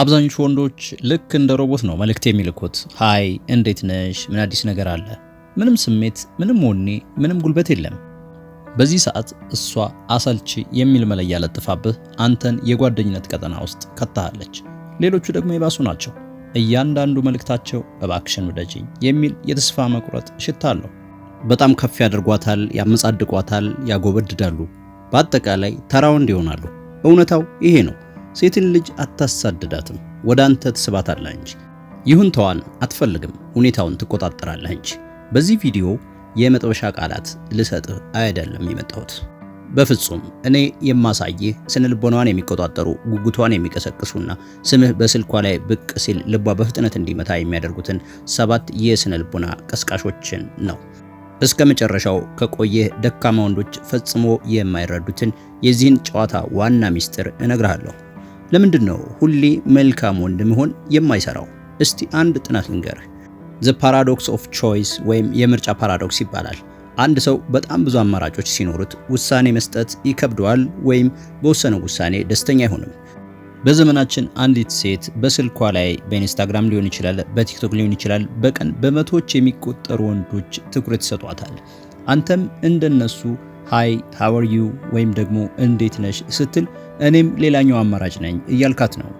አብዛኞቹ ወንዶች ልክ እንደ ሮቦት ነው መልእክት የሚልኩት። ሀይ እንዴት ነሽ? ምን አዲስ ነገር አለ? ምንም ስሜት፣ ምንም ወኔ፣ ምንም ጉልበት የለም። በዚህ ሰዓት እሷ አሰልቺ የሚል መለያ ለጥፋብህ አንተን የጓደኝነት ቀጠና ውስጥ ከታሃለች። ሌሎቹ ደግሞ የባሱ ናቸው። እያንዳንዱ መልእክታቸው እባክሽን ውደጅኝ የሚል የተስፋ መቁረጥ ሽታ አለው። በጣም ከፍ ያደርጓታል፣ ያመጻድቋታል፣ ያጎበድዳሉ። በአጠቃላይ ተራ ወንድ ይሆናሉ። እውነታው ይሄ ነው። ሴትን ልጅ አታሳድዳትም፣ ወደ አንተ ትስባታለህ እንጂ። ይሁንታዋን አትፈልግም፣ ሁኔታውን ትቆጣጠራለህ እንጂ። በዚህ ቪዲዮ የመጥበሻ ቃላት ልሰጥህ አይደለም የመጣሁት በፍጹም እኔ የማሳይህ ስነ ልቦናዋን የሚቆጣጠሩ ጉጉቷን የሚቀሰቅሱና ስምህ በስልኳ ላይ ብቅ ሲል ልቧ በፍጥነት እንዲመታ የሚያደርጉትን ሰባት የስነ ልቦና ቀስቃሾችን ነው። እስከ መጨረሻው ከቆየህ ደካማ ወንዶች ፈጽሞ የማይረዱትን የዚህን ጨዋታ ዋና ሚስጥር እነግርሃለሁ። ለምንድን ነው ሁሌ መልካም ወንድ መሆን የማይሰራው? እስቲ አንድ ጥናት ልንገርህ። ዘ ፓራዶክስ ኦፍ ቾይስ ወይም የምርጫ ፓራዶክስ ይባላል። አንድ ሰው በጣም ብዙ አማራጮች ሲኖሩት ውሳኔ መስጠት ይከብደዋል ወይም በወሰነው ውሳኔ ደስተኛ አይሆንም። በዘመናችን አንዲት ሴት በስልኳ ላይ በኢንስታግራም ሊሆን ይችላል፣ በቲክቶክ ሊሆን ይችላል፣ በቀን በመቶዎች የሚቆጠሩ ወንዶች ትኩረት ይሰጧታል። አንተም እንደነሱ ሃይ ሃወር ዩ ወይም ደግሞ እንዴት ነሽ ስትል እኔም ሌላኛው አማራጭ ነኝ እያልካት ነው።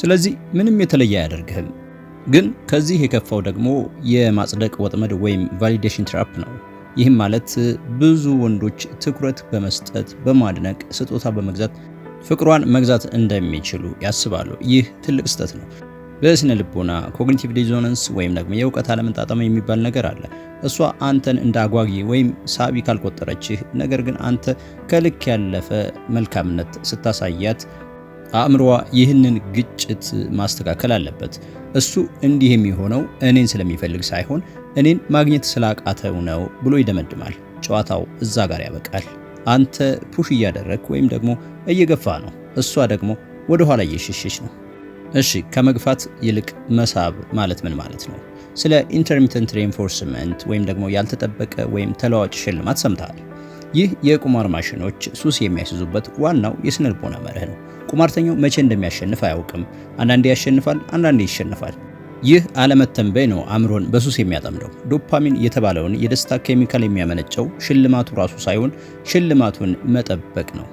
ስለዚህ ምንም የተለየ አያደርግህም። ግን ከዚህ የከፋው ደግሞ የማጽደቅ ወጥመድ ወይም ቫሊዴሽን ትራፕ ነው። ይህም ማለት ብዙ ወንዶች ትኩረት በመስጠት በማድነቅ ስጦታ በመግዛት ፍቅሯን መግዛት እንደሚችሉ ያስባሉ። ይህ ትልቅ ስህተት ነው። በስነ ልቦና ኮግኒቲቭ ዲዞናንስ ወይም ደግሞ የእውቀት አለመጣጣም የሚባል ነገር አለ። እሷ አንተን እንደ አጓጊ ወይም ሳቢ ካልቆጠረችህ፣ ነገር ግን አንተ ከልክ ያለፈ መልካምነት ስታሳያት አእምሮዋ ይህንን ግጭት ማስተካከል አለበት። እሱ እንዲህ የሚሆነው እኔን ስለሚፈልግ ሳይሆን እኔን ማግኘት ስላቃተው ነው ብሎ ይደመድማል። ጨዋታው እዛ ጋር ያበቃል። አንተ ፑሽ እያደረግክ ወይም ደግሞ እየገፋ ነው፣ እሷ ደግሞ ወደ ኋላ እየሸሸች ነው። እሺ ከመግፋት ይልቅ መሳብ ማለት ምን ማለት ነው? ስለ ኢንተርሚተንት ሬንፎርስመንት ወይም ደግሞ ያልተጠበቀ ወይም ተለዋጭ ሽልማት ሰምተሃል። ይህ የቁማር ማሽኖች ሱስ የሚያስይዙበት ዋናው የስነ ልቦና መርህ ነው። ቁማርተኛው መቼ እንደሚያሸንፍ አያውቅም። አንዳንዴ ያሸንፋል፣ አንዳንዴ ይሸንፋል። ይህ አለመተንበይ ነው አእምሮን በሱስ የሚያጠምደው። ዶፓሚን የተባለውን የደስታ ኬሚካል የሚያመነጨው ሽልማቱ ራሱ ሳይሆን ሽልማቱን መጠበቅ ነው።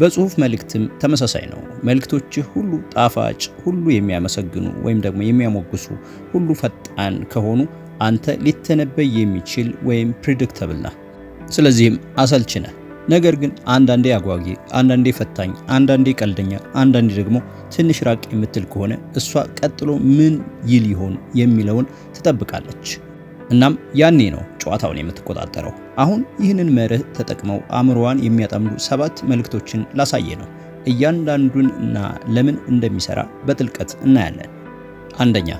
በጽሁፍ መልእክትም ተመሳሳይ ነው። መልእክቶችህ ሁሉ ጣፋጭ፣ ሁሉ የሚያመሰግኑ ወይም ደግሞ የሚያሞግሱ፣ ሁሉ ፈጣን ከሆኑ አንተ ሊተነበይ የሚችል ወይም ፕሪዲክተብል ነህ። ስለዚህም አሰልች ነህ። ነገር ግን አንዳንዴ አጓጊ፣ አንዳንዴ ፈታኝ፣ አንዳንዴ ቀልደኛ፣ አንዳንዴ ደግሞ ትንሽ ራቅ የምትል ከሆነ እሷ ቀጥሎ ምን ይል ይሆን የሚለውን ትጠብቃለች። እናም ያኔ ነው ጨዋታውን የምትቆጣጠረው። አሁን ይህንን መርህ ተጠቅመው አእምሮዋን የሚያጠምዱ ሰባት መልእክቶችን ላሳየ ነው። እያንዳንዱን እና ለምን እንደሚሰራ በጥልቀት እናያለን። አንደኛ፣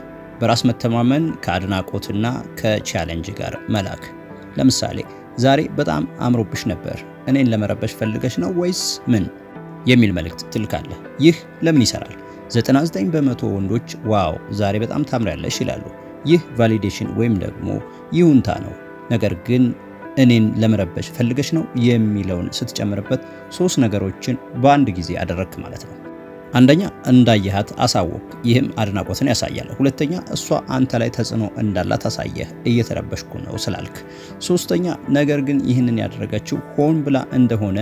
በራስ መተማመን ከአድናቆትና ከቻሌንጅ ጋር መላክ። ለምሳሌ ዛሬ በጣም አምሮብሽ ነበር፣ እኔን ለመረበሽ ፈልገሽ ነው ወይስ ምን የሚል መልእክት ትልካለህ። ይህ ለምን ይሰራል? 99 በመቶ ወንዶች ዋው ዛሬ በጣም ታምሪያለሽ ይላሉ። ይህ ቫሊዴሽን ወይም ደግሞ ይሁንታ ነው። ነገር ግን እኔን ለመረበሽ ፈልገሽ ነው የሚለውን ስትጨምርበት ሶስት ነገሮችን በአንድ ጊዜ አደረግክ ማለት ነው። አንደኛ እንዳየሃት አሳወቅ፣ ይህም አድናቆትን ያሳያል። ሁለተኛ እሷ አንተ ላይ ተጽዕኖ እንዳላት አሳየህ፣ እየተረበሽኩ ነው ስላልክ። ሶስተኛ ነገር ግን ይህንን ያደረገችው ሆን ብላ እንደሆነ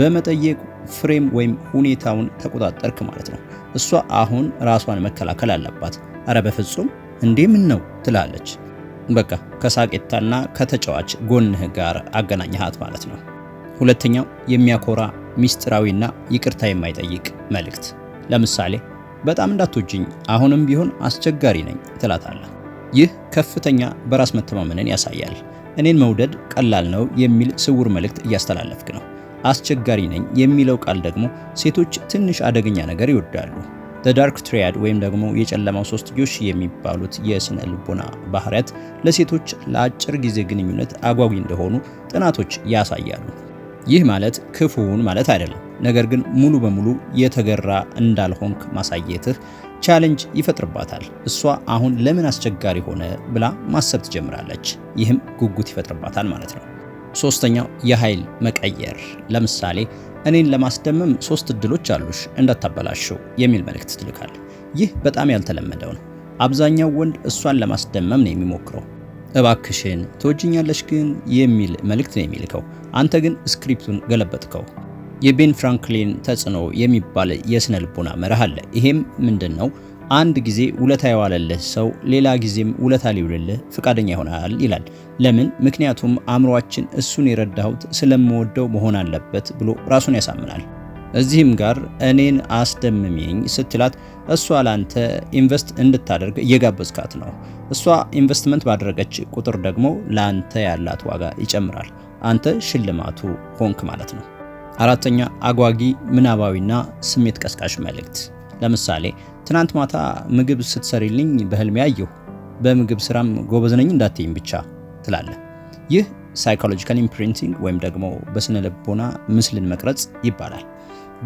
በመጠየቅ ፍሬም ወይም ሁኔታውን ተቆጣጠርክ ማለት ነው። እሷ አሁን ራሷን መከላከል አለባት። አረ በፍጹም እንዴ ምን ነው ትላለች። በቃ ከሳቄታና ከተጫዋች ጎንህ ጋር አገናኘሃት ማለት ነው። ሁለተኛው የሚያኮራ ሚስጥራዊና ይቅርታ የማይጠይቅ መልእክት። ለምሳሌ በጣም እንዳትወጂኝ፣ አሁንም ቢሆን አስቸጋሪ ነኝ ትላታለህ። ይህ ከፍተኛ በራስ መተማመንን ያሳያል። እኔን መውደድ ቀላል ነው የሚል ስውር መልእክት እያስተላለፍክ ነው። አስቸጋሪ ነኝ የሚለው ቃል ደግሞ ሴቶች ትንሽ አደገኛ ነገር ይወዳሉ። ዳርክ ትሪያድ ወይም ደግሞ የጨለማው ሶስትዮሽ የሚባሉት የስነ ልቦና ባህሪያት ለሴቶች ለአጭር ጊዜ ግንኙነት አጓጊ እንደሆኑ ጥናቶች ያሳያሉ። ይህ ማለት ክፉውን ማለት አይደለም፣ ነገር ግን ሙሉ በሙሉ የተገራ እንዳልሆንክ ማሳየትህ ቻሌንጅ ይፈጥርባታል። እሷ አሁን ለምን አስቸጋሪ ሆነ ብላ ማሰብ ትጀምራለች። ይህም ጉጉት ይፈጥርባታል ማለት ነው። ሶስተኛው የኃይል መቀየር ለምሳሌ እኔን ለማስደመም ሶስት እድሎች አሉሽ እንዳታበላሽው የሚል መልእክት ትልካል። ይህ በጣም ያልተለመደው ነው። አብዛኛው ወንድ እሷን ለማስደመም ነው የሚሞክረው። እባክሽን ትወጅኛለሽ ግን የሚል መልእክት ነው የሚልከው። አንተ ግን ስክሪፕቱን ገለበጥከው። የቤን ፍራንክሊን ተጽዕኖ የሚባል የስነ ልቦና መርህ አለ። ይሄም ምንድን ነው? አንድ ጊዜ ውለታ የዋለልህ ሰው ሌላ ጊዜም ውለታ ሊውልልህ ፈቃደኛ ይሆናል ይላል። ለምን? ምክንያቱም አእምሯችን እሱን የረዳሁት ስለምወደው መሆን አለበት ብሎ ራሱን ያሳምናል። እዚህም ጋር እኔን አስደምሚኝ ስትላት እሷ ላንተ ኢንቨስት እንድታደርግ እየጋበዝካት ነው። እሷ ኢንቨስትመንት ባደረገች ቁጥር ደግሞ ላንተ ያላት ዋጋ ይጨምራል። አንተ ሽልማቱ ሆንክ ማለት ነው። አራተኛ አጓጊ ምናባዊና ስሜት ቀስቃሽ መልእክት ለምሳሌ ትናንት ማታ ምግብ ስትሰሪልኝ በህልሜ አየሁ። በምግብ ስራም ጎበዝ ነኝ እንዳትይኝ ብቻ ትላለህ። ይህ ሳይኮሎጂካል ኢምፕሪንቲንግ ወይም ደግሞ በስነ ልቦና ምስልን መቅረጽ ይባላል።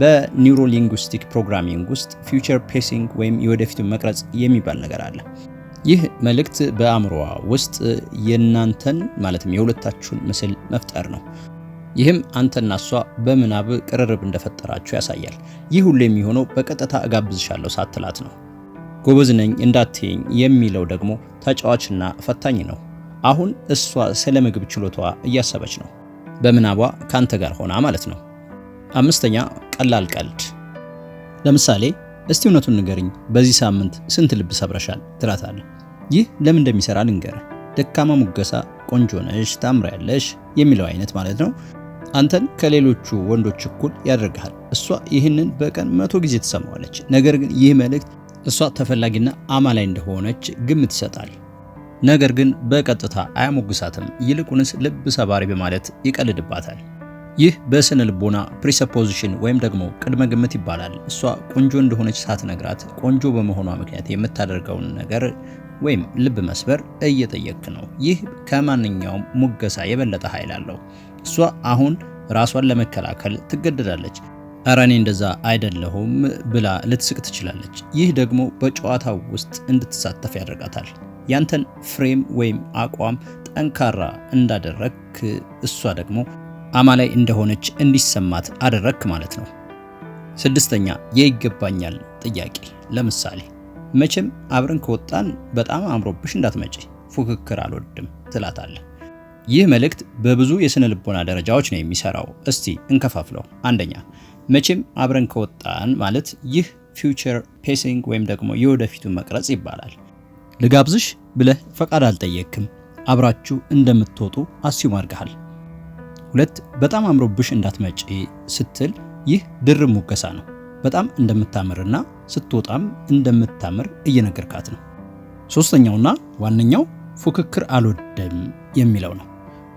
በኒውሮሊንጉስቲክ ፕሮግራሚንግ ውስጥ ፊውቸር ፔሲንግ ወይም የወደፊቱን መቅረጽ የሚባል ነገር አለ። ይህ መልእክት በአእምሮዋ ውስጥ የእናንተን ማለትም የሁለታችሁን ምስል መፍጠር ነው። ይህም አንተና እሷ በምናብ ቅርርብ እንደፈጠራችሁ ያሳያል። ይህ ሁሉ የሚሆነው በቀጥታ እጋብዝሻለሁ ሳትላት ነው። ጎበዝ ነኝ እንዳትይኝ የሚለው ደግሞ ተጫዋችና ፈታኝ ነው። አሁን እሷ ስለ ምግብ ችሎታዋ እያሰበች ነው፣ በምናቧ ካንተ ጋር ሆና ማለት ነው። አምስተኛ ቀላል ቀልድ። ለምሳሌ እስቲ እውነቱን ንገርኝ፣ በዚህ ሳምንት ስንት ልብ ሰብረሻል ትላታለ። ይህ ለምን እንደሚሰራ ልንገር? ደካማ ሙገሳ ቆንጆ ነሽ ያለሽ የሚለው አይነት ማለት ነው። አንተን ከሌሎቹ ወንዶች እኩል ያደርግሃል። እሷ ይህንን በቀን መቶ ጊዜ ትሰማዋለች። ነገር ግን ይህ መልእክት እሷ ተፈላጊና አማላይ እንደሆነች ግምት ይሰጣል። ነገር ግን በቀጥታ አያሞግሳትም። ይልቁንስ ልብ ሰባሪ በማለት ይቀልድባታል። ይህ በስነ ልቦና ፕሪሰፖዚሽን ወይም ደግሞ ቅድመ ግምት ይባላል። እሷ ቆንጆ እንደሆነች ሳትነግራት ቆንጆ በመሆኗ ምክንያት የምታደርገውን ነገር ወይም ልብ መስበር እየጠየቅ ነው። ይህ ከማንኛውም ሙገሳ የበለጠ ኃይል አለው። እሷ አሁን ራሷን ለመከላከል ትገደዳለች። እረ እኔ እንደዛ አይደለሁም ብላ ልትስቅ ትችላለች። ይህ ደግሞ በጨዋታው ውስጥ እንድትሳተፍ ያደርጋታል። ያንተን ፍሬም ወይም አቋም ጠንካራ እንዳደረክ እሷ ደግሞ አማላይ እንደሆነች እንዲሰማት አደረክ ማለት ነው። ስድስተኛ የይገባኛል ጥያቄ። ለምሳሌ መቼም አብረን ከወጣን በጣም አምሮብሽ እንዳትመጪ፣ ፉክክር አልወድም ትላታለህ። ይህ መልእክት በብዙ የስነ ልቦና ደረጃዎች ነው የሚሰራው። እስቲ እንከፋፍለው። አንደኛ መቼም አብረን ከወጣን ማለት ይህ ፊውቸር ፔሲንግ ወይም ደግሞ የወደፊቱን መቅረጽ ይባላል። ልጋብዝሽ ብለህ ፈቃድ አልጠየቅክም፣ አብራችሁ እንደምትወጡ አስዩም አድርገሃል። ሁለት በጣም አምሮብሽ እንዳትመጪ ስትል ይህ ድርብ ሙገሳ ነው። በጣም እንደምታምርና ስትወጣም እንደምታምር እየነገርካት ነው። ሶስተኛውና ዋነኛው ፉክክር አልወደም የሚለው ነው።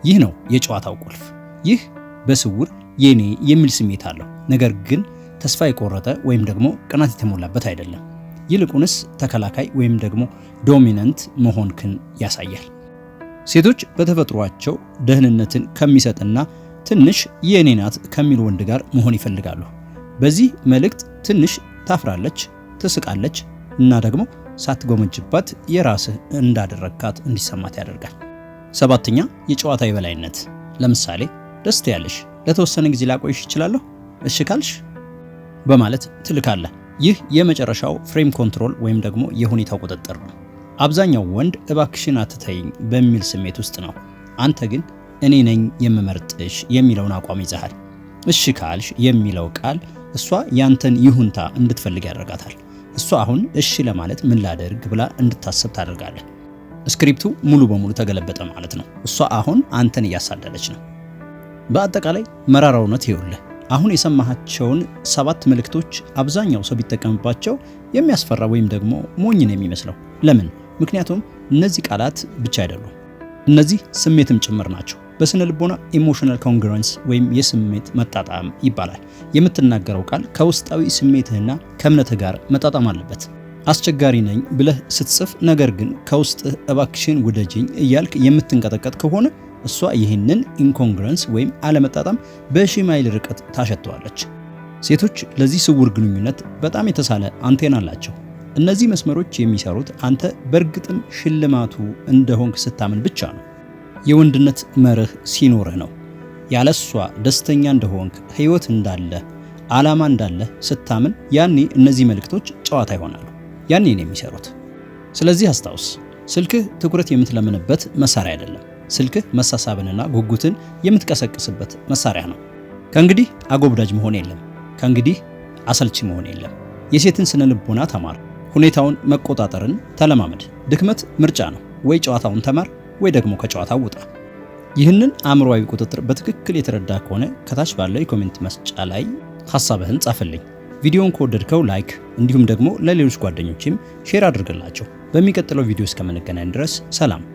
ይህ ነው የጨዋታው ቁልፍ። ይህ በስውር የኔ የሚል ስሜት አለው፣ ነገር ግን ተስፋ የቆረጠ ወይም ደግሞ ቅናት የተሞላበት አይደለም። ይልቁንስ ተከላካይ ወይም ደግሞ ዶሚነንት መሆንክን ያሳያል። ሴቶች በተፈጥሯቸው ደህንነትን ከሚሰጥና ትንሽ የኔ ናት ከሚል ወንድ ጋር መሆን ይፈልጋሉ። በዚህ መልእክት ትንሽ ታፍራለች፣ ትስቃለች እና ደግሞ ሳትጎመጅባት የራስህ እንዳደረግካት እንዲሰማት ያደርጋል። ሰባተኛ የጨዋታ የበላይነት። ለምሳሌ ደስታ ያለሽ ለተወሰነ ጊዜ ላቆይሽ እችላለሁ እሺ ካልሽ በማለት ትልካለህ። ይህ የመጨረሻው ፍሬም ኮንትሮል ወይም ደግሞ የሁኔታው ቁጥጥር ነው። አብዛኛው ወንድ እባክሽን አትተይኝ በሚል ስሜት ውስጥ ነው። አንተ ግን እኔ ነኝ የምመርጥሽ የሚለውን አቋም ይዘሃል። እሺ ካልሽ የሚለው ቃል እሷ ያንተን ይሁንታ እንድትፈልግ ያደርጋታል። እሷ አሁን እሺ ለማለት ምን ላደርግ ብላ እንድታስብ ታደርጋለህ። ስክሪፕቱ ሙሉ በሙሉ ተገለበጠ ማለት ነው። እሷ አሁን አንተን እያሳደደች ነው። በአጠቃላይ መራራ እውነት ይኸውልህ፣ አሁን የሰማሃቸውን ሰባት ምልክቶች አብዛኛው ሰው ቢጠቀምባቸው የሚያስፈራ ወይም ደግሞ ሞኝ ነው የሚመስለው። ለምን? ምክንያቱም እነዚህ ቃላት ብቻ አይደሉም፣ እነዚህ ስሜትም ጭምር ናቸው። በስነ ልቦና ኢሞሽናል ኮንግሩንስ ወይም የስሜት መጣጣም ይባላል። የምትናገረው ቃል ከውስጣዊ ስሜትህና ከእምነትህ ጋር መጣጣም አለበት። አስቸጋሪ ነኝ ብለህ ስትጽፍ፣ ነገር ግን ከውስጥ እባክሽን ውደጅኝ እያልክ የምትንቀጠቀጥ ከሆነ እሷ ይህንን ኢንኮንግረንስ ወይም አለመጣጣም በሺ ማይል ርቀት ታሸተዋለች። ሴቶች ለዚህ ስውር ግንኙነት በጣም የተሳለ አንቴና አላቸው። እነዚህ መስመሮች የሚሰሩት አንተ በእርግጥም ሽልማቱ እንደሆንክ ስታምን ብቻ ነው። የወንድነት መርህ ሲኖርህ ነው። ያለሷ ደስተኛ እንደሆንክ፣ ህይወት እንዳለ፣ ዓላማ እንዳለ ስታምን ያኔ እነዚህ መልእክቶች ጨዋታ ይሆናሉ። ያኔ የሚሰሩት። ስለዚህ አስታውስ፣ ስልክህ ትኩረት የምትለምንበት መሳሪያ አይደለም። ስልክህ መሳሳብንና ጉጉትን የምትቀሰቅስበት መሳሪያ ነው። ከእንግዲህ አጎብዳጅ መሆን የለም። ከእንግዲህ አሰልቺ መሆን የለም። የሴትን ስነ ልቦና ተማር። ሁኔታውን መቆጣጠርን ተለማመድ። ድክመት ምርጫ ነው። ወይ ጨዋታውን ተማር፣ ወይ ደግሞ ከጨዋታው ውጣ። ይህንን አእምሮዊ ቁጥጥር በትክክል የተረዳ ከሆነ ከታች ባለው የኮሜንት መስጫ ላይ ሀሳብህን ጻፍልኝ። ቪዲዮውን ከወደድከው ላይክ እንዲሁም ደግሞ ለሌሎች ጓደኞችም ሼር አድርገላቸው። በሚቀጥለው ቪዲዮ እስከምንገናኝ ድረስ ሰላም።